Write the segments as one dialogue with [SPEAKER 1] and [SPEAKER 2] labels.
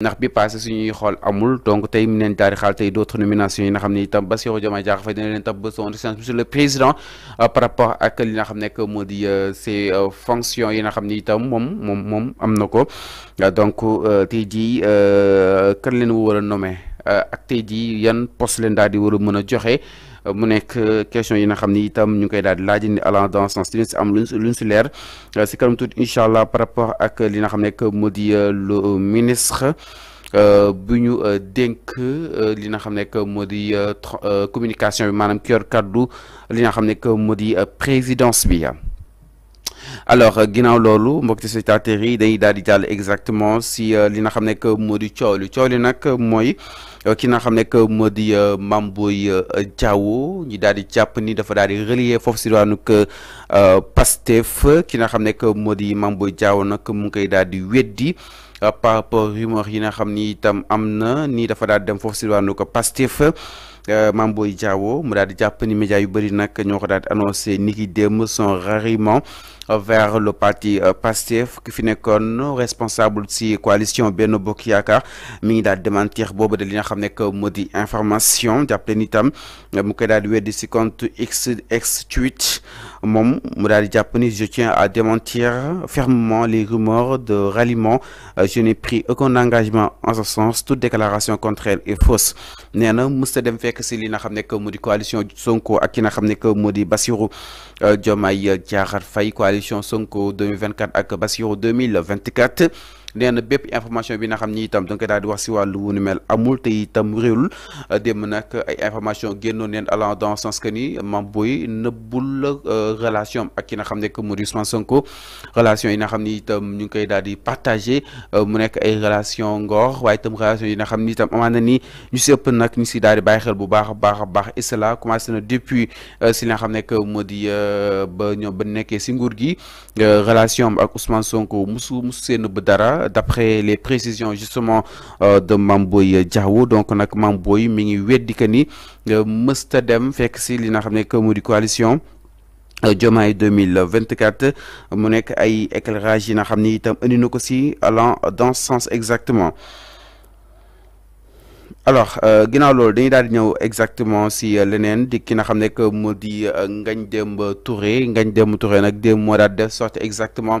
[SPEAKER 1] ndax bi passé suñuy xool amul donc tey mu neen daal xaal tey d' autres yi na xam ne itam Bassirou Diomaye Diakhar Faye dina leen tab ba son excellence le président euh, par rapport ak li nga xam nekk moo di euh, ces euh, fonctions yi nga xam ni itam moom moom moom am na ko donc tey jii kër leen war a nommer Euh, ak tey yan poste leen di war a joxe euh, mu nek euh, question yi nga xamni ni itam ñu koy dal di laaj ni allant dans sens dinañ am luñ luñ si leer ci kanam tout inshallah par rapport ak li nga xam nekk le ministre bu ñu dénk li nga communication bi maanaam cadeau yor li nga xam nekk présidence bi. alors ginnaaw loolu mbokki spectateurs yi dañuy dal di exactement si li nga xam nekk moo di coow li ki nga xam ne que moo di euh, Mame Boye euh, Diao ñu daal di jàpp nii dafa daal di relier foofu si daanu que euh, Pastef ki na xam ne que moo di Mame Boye Diao nag mu ngi koy daal di weddi par rapport rumeur yi na xam ni itam am na nii dafa daal di dem foofu si daanu que Pastef Mame Boye Diao mu daal jàpp ni média yu bëri nag ñoo ko daal di annoncé ni ki démb son rarement. Euh, vers le parti euh, Pastef qui finit nekkoon responsable la coalition Benno Bokiaka. Yaakaar mi ngi démentir Bob de li nga ne information jàppale ni tam a euh, koy daal di ci compte X X tweet mu je tiens à démentir fermement les rumeurs de ralliement je n'ai pris aucun engagement en ce sens toute déclaration contre elle est fausse nee na musta que c'est ci li nga ne coalition Sonko ak ki nga xam ne Modi di Bassirou Diomaye Diakhar Faye chansons Sonko 2024 à Kabassiro 2024 nee bép information bi nga xamni ni itam da nga koy di wax ci walu wu mel amul te itam rewul dem nak ay information génnoon neen allant dans sens que ni Mame Boye euh, relation ak ki nga xam que mu Ousmane Sonko relation yi nga itam ñu koy daal di partagé euh, mu nek ay relation ngor waye itam relation yi nga xam itam amana ni ñu sepp nak ñu ci daal di xel bu baax baax baax et cela commencé na depuis euh, si nga xam que mu ba ñoom ba nekkee ci nguur gi relation ak Ousmane Sonko musu musu seen dara d'après les précisions justement euh, de Mamboy Diawo donc on Mamboy mi ngi que ni euh, dem fek ci li nga xamné que coalition 2024 euh, ay allant dans ce sens exactement alors ginnaaw loolu dañuy exactement si leneen di ki n'a que Modi Ngagne Touré Ngagne des Touré qu'il exactement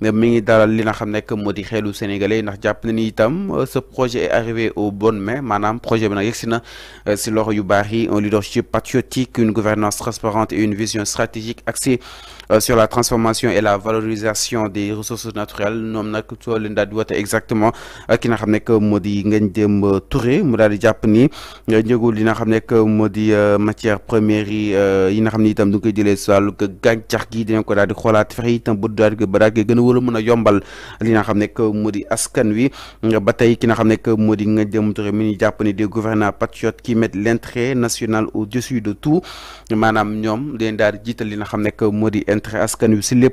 [SPEAKER 1] mi ngi dalal li nga xam nekk moo sénégalais ndax japp na itam euh, ce projet est arrivé au bon mains manam projet bi nag yegsi na euh, loxo yu bari un leadership patriotique une gouvernance transparente et une vision stratégique axée euh, sur la transformation et la valorisation des ressources naturelles nom nak soo leen di exactement euh, ki nga xam ne modi di Ngagne Touré mu daal di japp ni euh, njëgu li nga xam matière première yi yi nga xam itam du koy jëlee si wàllu gàncax gi dinañ ko dal di xoolaat fex itam ba daal ba daal gën a war yombal li nga xam ne modi askan wi ba tey ki nga xam ne moo di Ngagne Touré mi ngi ni des gouvernants patriotes qui mettent l'intérêt national au-dessus de tout manam ñom den dal di jiital li nga xam à ce que si le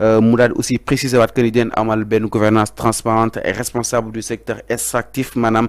[SPEAKER 1] euh, aussi précise à que nous avons amal ben gouvernance transparente et responsable du secteur extractif madame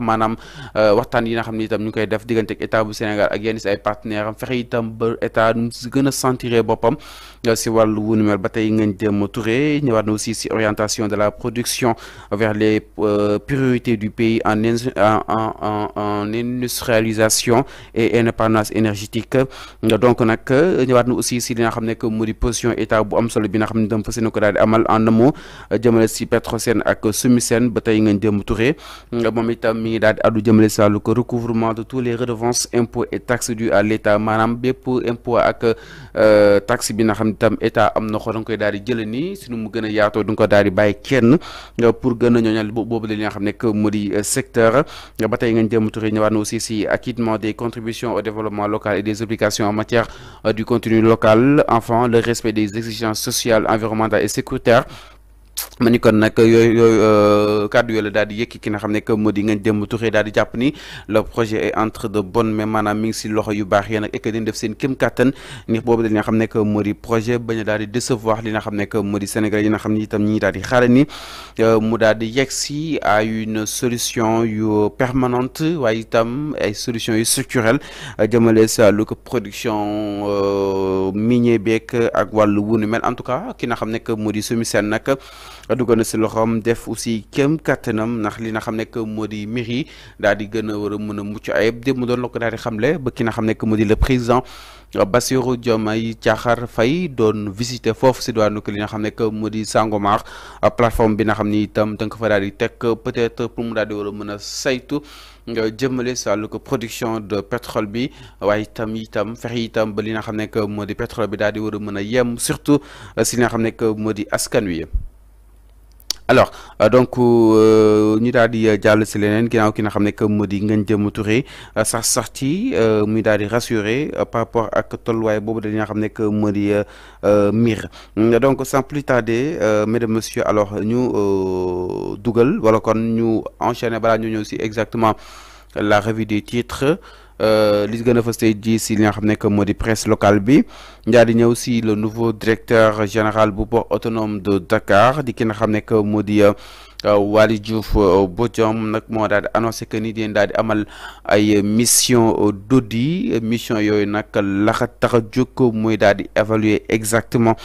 [SPEAKER 1] manam maanaam euh, waxtaan yi nga xamni ne itam ñu def diggante ak état bu Sénégal ak yenn si ay partenaires am fexe itam ba état nu si gën euh, si wu mel ba tey Touré ñëwaat aussi ci orientation de la production vers les euh, priorités du pays en en en industrialisation et indépendance énergétique donc nak ñëwaat na aussi ci li nga que mu position état bu am solo bi nga xamni dem fassé yéene ko daal amal en amont jëmale si Petrosen ak Sumisen batay ngeen dem Touré moom mi ngi daal di ko recouvrement de tous les redevances impôts et taxes dues à l'État. état maanaam impôts impôt ak euh, taxes bi nga xam ne tam état am na ko da nga koy daal di jëlee nii suñu mu gën a yaatoo du nga kenn euh, pour gën a ñooñal boobu la li nga xam nekk euh, secteur ba tey ngañ jëm turi aussi si acquittement des contributions au développement local et des obligations en matière du contenu local enfin le respect des exigences sociales environnementales et sécuritaires ma ni kon nag yooyu yooyu euh, kàddu yooyu la di yëkki ki nga xamne ne que moo di Ngagne Demba Touré daal di japp ni le projet est entre de bonnes mais manam mi ngi si loxo yu bax yéen ak ek dina def sen kéem katan ni bobu li nga xamne ne que moo projet bañ dal di décevoir li nga xamne ne que moo Sénégal yi nga xamni itam ñi dal di xaare ni euh, mu dal di yegg si à une solution yu permanente way itam ay solution yu structurelle euh, jëmale sa lu ko production minier beeg ak walu wunu mel en tout cas ki nga xamne ne que moo di nak dugal na si loxoom def aussi kéem kattanam ndax li nga xam nekk moo di mairie daal di gën a war a mën doon la ko daal le président Bassirou Diomaye Tiakhar Faye doon visiter ci si ko li nga xamne nekk modi Sangomar plateforme bi nga xamni tam itam fa daal di peut-être pour mu daal di war a saytu. nga jëmele si ko production de pétrole bi waaye tam itam fexe itam ba li nga xamne ne modi pétrole bi daal di war a yem surtout si li nga xam ne askan wi alors euh, donc euh, ñu daal di euh, jàll si leneen ginaaw ki nga xam que moo di Ngagne Touré sax sax ci muy daal di par rapport ak tolway bobu dañ nga xam ne que moo di MIR mm, donc sans plus tarder mesdames messieurs alors ñu dougal wala kon ñu enchaîner balaa ñu ñëw ci exactement la revue des titres. Euh, li gën a fës tey jii si li nga xam presse locale bi ndaa di ñëw si le nouveau directeur général bu port autonome de Dakar di ki nga xam nekk moo euh, euh, Waly Diouf euh, Bodiom nak mo dal annoncé que ni deen daal di amal ay mission euh, d'audi mission yoy nak la tax a jóg mooy daal di évaluer exactement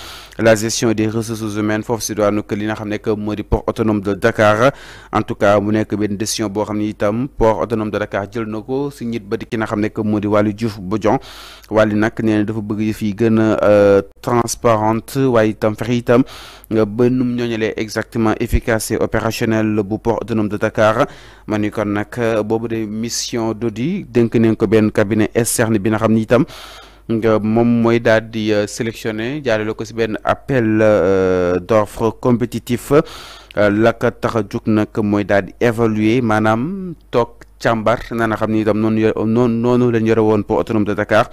[SPEAKER 1] la gestion des ressources humaines fof si doonu que li nga xamné que modi port autonome de Dakar en tout cas mu nek ben décision bo xam itam port autonome de Dakar jël nako ko si ñit ba di ki nga xamné que modi di Diouf Bodiom Waly dafa bëgg yëf yi gëna transparente waaye tam fexe itam euh, ba num ñooñalee exactement efficace et opérationnel bu port nom de Dakar ma kon nak euh, bobu de mission d'audit dénk nañ ko ben cabinet externe bi nga xamni tam itam mom moy dal di euh, sélectionner jaarale ko ci ben appel d'offre compétitif la ko tax a jug nag mooy di évaluer manam tok chambar nana xamni tam non non non noonu noonu lañ yore woon autonome de Dakar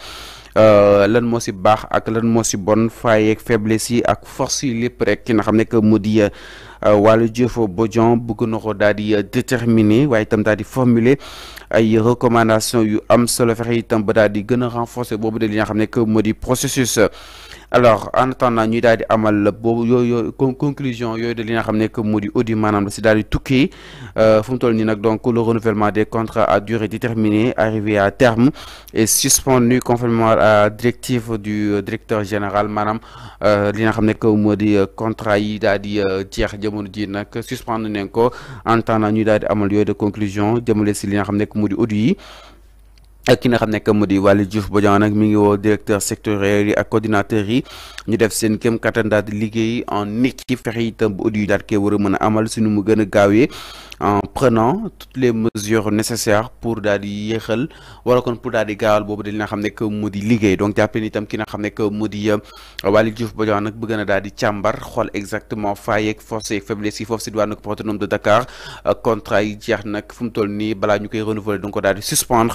[SPEAKER 1] euh, lan mo si bax ak lan moo si bon ak faiblesse yi ak force yi lépp rek ki nga xamne ne que mu di euh, Waly Diouf Bodiang bëgg na ko daal di euh, déterminer waaye itam daal formuler ay recommandations yu am solo fexe tam ba daal di renforcer bobu de li nga xamne ne que moo processus alors en attendant ñu daal amal bobu yoy conclusion yoy de li nga xamné que modi di audit maanaam la si daal euh, toll ni nak donc le renouvellement des contrats à durée déterminée arrivé à terme et suspendu conformément à directive du euh, directeur général madame, euh, li nga xamné que modi contrat yi daal di jeex ji en attendant ñu daal amal yoy de conclusion jëmale ci li nga xamné que modi ak ki nga xam ne mu di Diouf mi ngi wo directeur sectoriel ak coordinateur yi ñu def seen kéem katanda di liggéey en équipe fexe itam bu audit yu daal koy war a amal suñu mu gëna a en prenant toutes les mesures nécessaires pour daal di yéexal wala kon pour daal di gaawal bobu dañ nga xamne ne modi di donc jappé ni tam ki nga xam ne mu di euh, Waly Diouf Bodian nag bëgg na daal di càmbar xol exactement failles yeeg forces yeeg faiblesses yi foofu si diwaanu Autonome de Dakar euh, contrat yi jeex nak fu mu toll nii balaa renouveler donc daal di suspendre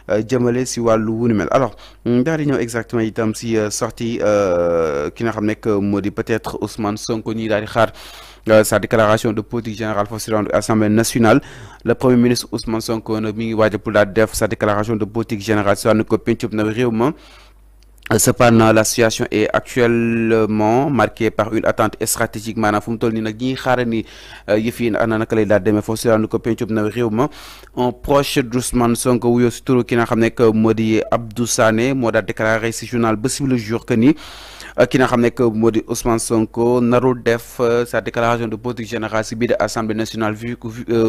[SPEAKER 1] si alors dans hmm, ñeu exactement itam si euh, sortie euh, ki n'a xam que euh, peut-être Ousmane Sonko ñi sa déclaration de politique générale pour à l'Assemblée nationale le premier ministre Ousmane Sonko a mi ngi pour def sa déclaration de politique générale si ko pencub na Cependant, la situation est actuellement marquée par une attente stratégique maanaam fu mu toll nii nag ni euh, yëf yi ana naka lay daal demee foofu si ko proche d'Ousmane Sonko wuyoo si turu ki qui n'a ne que modi Abdou Sané moo daal déclaré si journal Bës Le Jour que ni euh, ki n'a xam que moo Ousmane Sonko narul def euh, sa déclaration de politique générale si biir assemblée nationale vu que